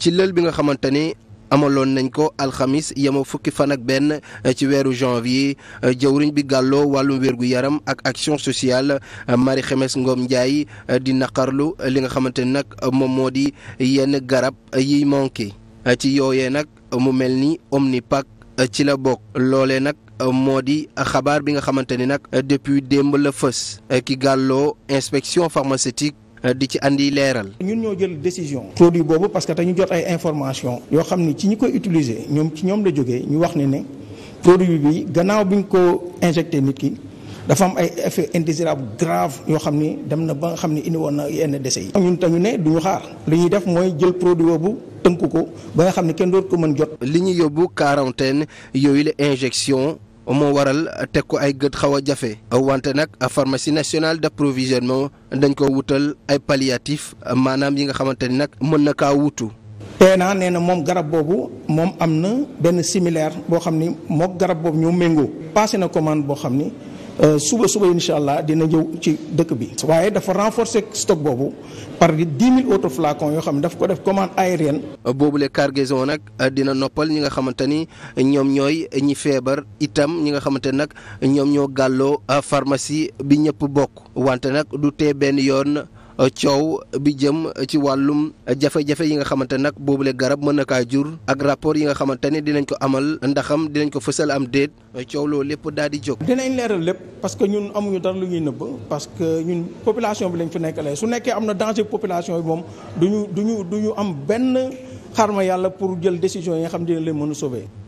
ci lël bi nga xamante ni amaloon nañ ko alxamis yemoo fukki fan ak benn eh, ci weeru janvier eh, jëwriñ bi gàlloo wàllum gu yaram ak action sociale eh, Marie Khemesse Ngom Ndiaye di naqarlu li nga xamante ni nag moom moo di yenn garab yiy manqué ci yooyee nag mu mel ni Omnipac ci la bokk loole nag moo di xabaar bi nga xamante ni nag depuis démb la fës ki gàlloo inspection pharmaceutique Euh, di ci indi leeral. ñun ñoo jël décision. produit boobu parce que dañu jot ay information yoo xam ni ci ñi koy utiliser ñoom ci ñoom la jógee ñu wax ne ne produit bi gannaaw bi ñu ko injecté nit ki. dafa am ay effet indésirable grave yoo xam ni dem na ba nga xam ni indi woon na yenn décès yi. ñun tañu ne du ñu xaar li ñuy def mooy jël produit boobu tënk ko ba nga xam ni kenn dootu ko mën jot. li ñu yóbbu quarantaine yooyu la injection. moo waral teg ko ay gët xaw a jafe wante nag pharmacie nationale d'approvisionnement dañ ko wutal ay palliatif maanaam yi nga xamante ni nag mën na kaa wutu. PNA nee na moom garab boobu moom am na benn similaire boo xam ni mook garab boobu ñu méngoo passé na commande boo xam ni. Euh, suba suba incha allah dina ñëw ci dëkk bi waaye dafa renforcer stock boobu par di dix mille autres flacons yoo xam ne daf ko def commande aérienne. boobule cargaison nag dina noppal ñi nga xamante ni ñoom ñooy ñi feebar itam ñi nga xamante nag ñoom ñoo gàlloo pharmacie bi ñëpp bokk wante nag du tee benn yoon. coow bi jëm ci wàllum jafe-jafe yi nga xamante nag boobule garab mën na kaa jur ak rapport yi nga xamante ne dinañ ko amal ndaxam dinañ ko fësal am déet coow loolu lépp daal di jóg. dinañ leeral lépp parce que ñun amuñu dara lu ñuy nëbb parce que ñun population bi lañ fi nekkalee su nekkee am na danger population yi moom du duñu du duñu am benn xarma yàlla pour jël décision yi nga xam ne dina leen mën a